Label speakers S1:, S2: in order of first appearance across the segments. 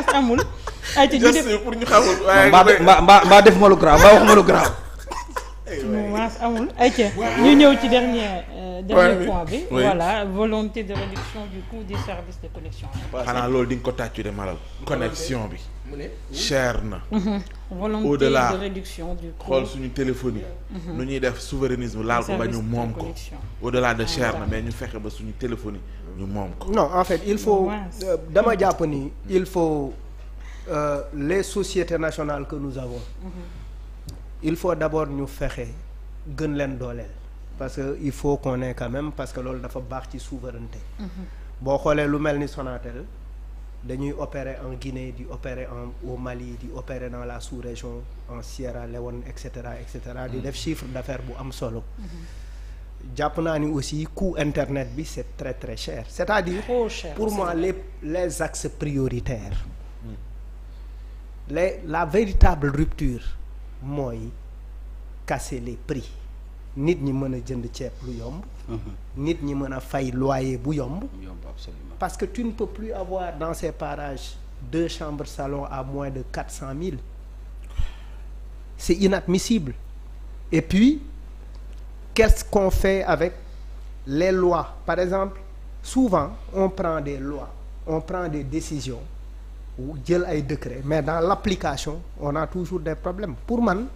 S1: menace amul. ay ci ñu pour ñu xamul waaye
S2: mbaa mbaa mbaa def ma lu mbaa wax ma lu grave.
S1: Eh mouvance ah ñëw ci dernier euh, dernier point bi voilà volonté de réduction du coût des services de connexion xanaa loolu di ko tàccu de malal connexion bi cher na mhm. volonté de xool suñu téléphonie mhm. nu ñuy def souverainisme laal ko ba ñu moom ko au de ah, cher na mais ñu fexe ba suñu téléphonie ñu moom
S2: ko non en fait il faut euh, dama jàpp ni il faut euh, les sociétés nationales que nous avons mhm. il faut d'abord ñu fexe gën leen dooleel parce que il faut qu'on ait quand même parce que loolu dafa baax ci souveraineté mhm. boo xoolee lu mel ni Sonatel dañuy opérer en Guinée di opérer en au Mali di opérer dans la sous-région en Sierra Leone et cetera et cetera di mhm. def chiffre d'affaires bu am solo mhm. jàpp naa ni aussi coût internet bi c'est très très cher c'est-à-dire Trop cher, pour moi les les axes prioritaires les la véritable rupture mooy casser les prix nit ñi mën a jënd ceeb lu mhm. nit ñi mën a fay loyer bu yomb absolument parce que tu ne peux plus avoir dans ces parages deux chambres salon à moins de quatre cent mille c'est inadmissible et puis qu'est-ce qu'on fait avec les lois par exemple souvent on prend des lois on prend des décisions jël ay décret mais dans l'application on a toujours des problème pour man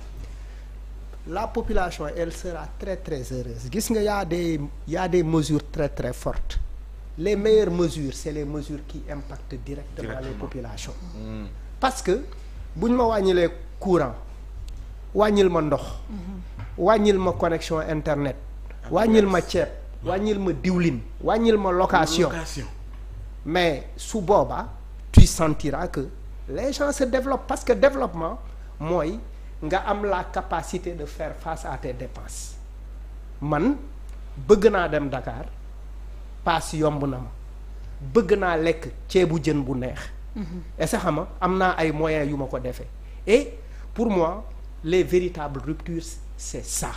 S2: la population elle sera très très heureuse gis nga y'a des y'a des mesures très très fortes les meilleures mesures c'est les mesures qui impactent directement, directement. les hmm. parce que bu ñu ma wàññilee courant wàññil ma ndox hmm. wàññil ma connexion internet wàññil ma ceeb wàññil ma diwlin wàññil ma location mais su boobaa tu sentiras que les gens se développent parce que développement mooy nga am la capacité de faire face à des dépenses man bëgg naa dem Dakar paas yomb na ma bëgg naa lekk ceebu jën bu neex et ça xama am naa ay moyens yu ma ko defee et pour moi les véritables ruptures c'est ça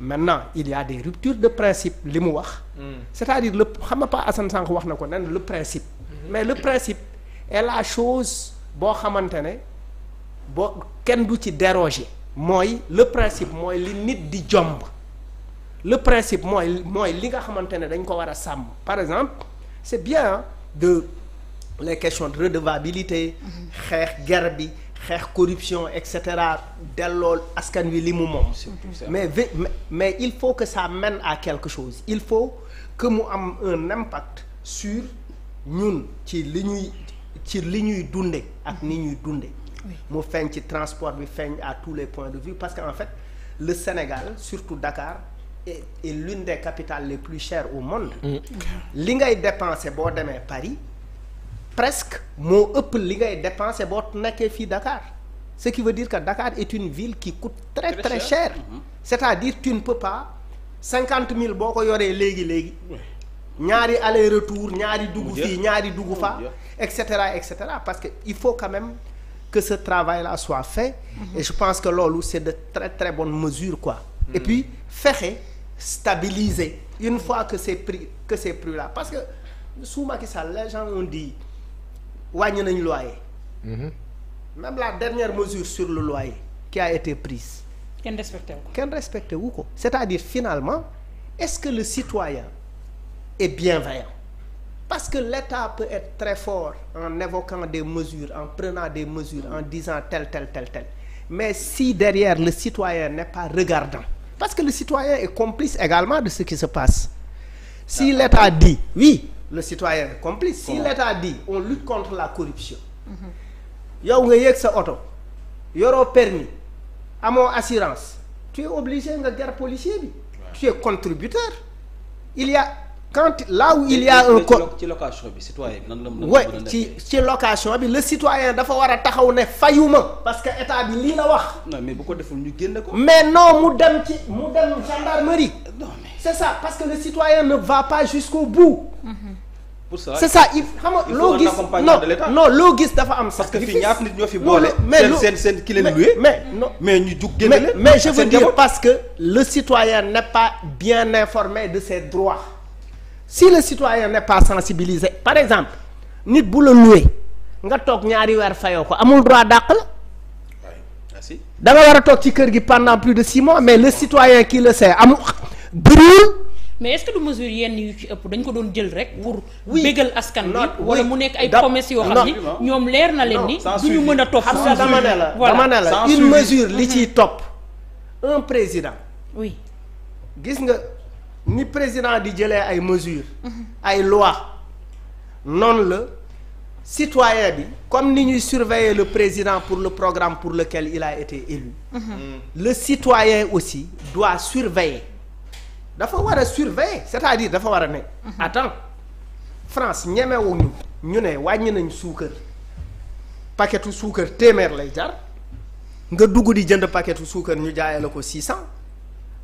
S2: maintenant il y des ruptures de principe li mu wax mm. c'est-à-dire le xam nga pas Assane Sank wax na ko nen le principe mm-hmm. mais le principe et la chose boo xamante ne boo kenn du ci déroger mooy le principe mooy li nit di jomb le principe mooy mooy li nga xamante ne dañ ko war a sàmm par exemple c'est bien de les questions de redevabilité mm-hmm. xeex guerre bi xeex corruption et cetera dellool askan wi li mu moom mais mais il faut que ça mène à quelque chose il faut que mu am un impact sur ñun ci li ñuy ci li ñuy dunde ak ni ñuy dunde mu feeñ ci transport bi feeñ à tous les points de vue parce que en fait le Sénégal surtout Dakar est, est l'une des les plus chères au monde mm. li ngay dépenser boo demee Paris presque moo ëpp li ngay dépenser boo nekkee fii Dakar ce qui veut dire que Dakar est une ville qui coûte très très, très cher, mm-hmm. c'est-à-dire tune ne cinquante mille boo ko yoree léegi léegi ñaari aller retour ñaari dugg fii ñaari dugg fa et cetera et cetera parce que il faut quand même que ce travail là soit fait mhm. et je pense que loolu c'est de très très bonnes mesures quoi mhm. et puis fexe stabilise une fois que c'est pris que c'est pris là parce que sous Macky Sall les gens ont dit wàññi nañ loyer mhm. même la dernière mesure sur le loyer qui a été prise kenn respecté wu ko c'est-à-dire finalement est-ce que le citoyen et bienveillant. Parce que l'État peut être très fort en évoquant des mesures, en prenant des mesures, en disant tel, tel, tel, tel. Mais si derrière le citoyen n'est pas regardant, parce que le citoyen est complice également de ce qui se passe. Si ah. l'État dit, oui, le citoyen est complice. Si l'État dit, on lutte contre la corruption. Mm-hmm. yow nga yéeg sa oto yoroo permis amoo assurance tu es obligé nga ger policier bi tu es contributeur il y a quand là où il y a un code
S1: ci location bi citoyen bi nan la ci
S2: ci location bi le citoyen dafa war a taxaw ne fayuma parce que état bi lii la wax. mais bu ko deful ñu génne ko. mais non mu dem ci mu dem gendarmerie. non c'est ça parce que le citoyen ne va pas jusqu'au bout. pour ça c'est ça il xam nga loo gis non loo gis dafa am sax. parce que fii ñaata nit ñoo fi boole. seen seen seen ki leen luwe. mais non mais ñu jug génne mais je veux dire parce que le citoyen n'est pas bien informé de ses droits. si le citoyen n'est pas sensibilisé par exemple nit bu la loué nga toog ñaari weer fayoo ko amul droit dàq la da nga war a toog ci kër gi pendant plus de six mois mais le citoyen qui le sait amul bëriwul
S1: mais est-ce que du mesure yenn yu ci ëpp dañ ko doon jël rek pour bégal askan bi wala mu nekk ay
S2: promesses yoo xam ni ñoom leer na leen ni du ñu mën a topp dama ne la dama ne la une mesure li mhm. ciy topp un président oui gis nga ni président di jëlee ay mesures ay lois noonu la citoyen bi comme ni ñuy surveiller le président pour le programme pour lequel il a été élu
S1: mm -hmm.
S2: le citoyen aussi doit surveiller dafa war a surveiller c'est-à-dire dafa war a ne mm-hmm. attends France ñemewuñu ñu ne wàññi nañ suukar paquetu suukar téeméer lay jar nga dugg di jënd paquetu suukar ñu jaaye la ko six cent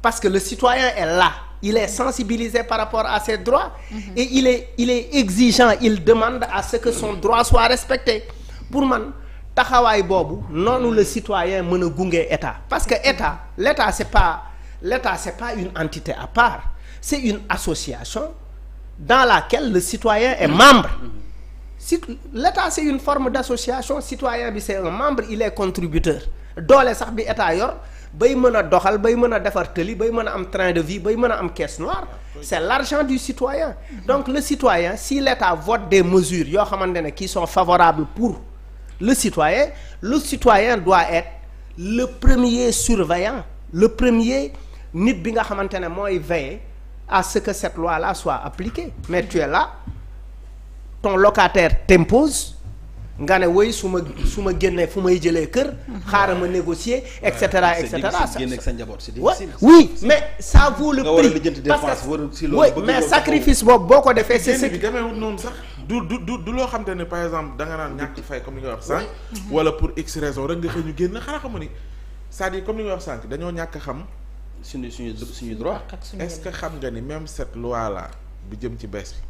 S2: parce que le citoyen est là il est sensibilisé par rapport à ses droits et il est il est exigeant il demande à ce que son droit soit respecté pour man taxawaay boobu noonu le citoyen mën a gunge état parce que état l'état c'est pas l'état c'est pas une entité à part c'est une association dans laquelle le citoyen est membre si l'état c'est une forme d'association citoyen bi c'est un membre il est contributeur doole sax bi état yor bay mën a doxal bay mën a defar tëli bay mën a am train de vie bay mën a am caisse noire c'est l'argent du citoyen donc le citoyen si l'état vote des mesures yoo xamante ne kii sont favorables pour le citoyen le citoyen doit être le premier surveillant le premier nit bi nga xamante ne mooy veiller à ce que cette loi là soit appliquée mais tu es là ton locataire t'impose nga ne woy su ma su ma génnee fu may jëlee kër. xaaral ma négocier et cetera et cetera. sa njaboot c'est difficile. oui mais ça vaut le prix parce que mais sacrifice
S1: boobu boo ko defee. c'est ce qui sax. du du loo xam ne par exemple danga nga naan ñàkk fay comme ni nga wax sànq. wala pour x raison rek nga xëy ñu génn xanaa xam ni cest à comme ni nga wax sànq dañoo ñàkk xam. suñu suñu suñu droit. est-ce que xam nga ni même cette loi là bi jëm ci bees bi.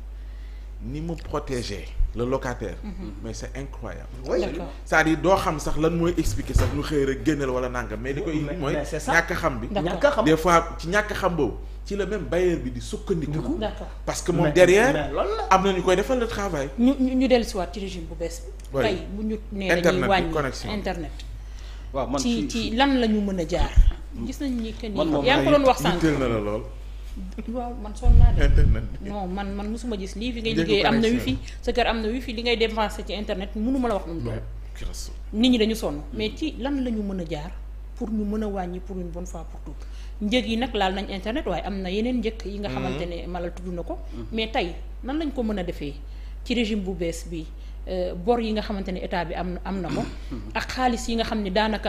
S1: ni mu protéger le locataire. Mm-hmm. mais c'est incroyable. oui c'est-à-dire doo xam sax lan mooy expliquer sax ñu xëy rek génneel wala nangam mais li koy indi mooy ñàkk xam bi. ñàkk xam des fois ci ñàkk xam boobu ci la même bailleur bi di sukkandiku. parce que moom derrière am na ñu koy defal le travail. ñu ñu ñu dellusiwaat ci régime bu bees bi. tey bu ñu nee dañuy wàññi internet. waaw man ci ci lan la ñu mën a jaar. gis nañu ni que ni yaa ngi ko doon wax lool waaw man sonn naa de. internet non man man mosuma gis lii fi ngay liggéey am na wifi sa kër am na wifi li ngay dépensé ci internet mënuma la wax nu mu nit ñi dañu sonn mm. mais ci lan la ñu mën a jaar pour ñu mën a wàññi pour une bonne fois pour tout njëg yi nag laal nañ internet waaye am na yeneen njëkk yi nga mm. xamante ne malal tudd na ko mm. mais tey nan lañ ko mën a defee ci régime bu bees bi euh, bor yi nga xamante ne état bi am am na ko ak xaalis yi nga xam ne daanaka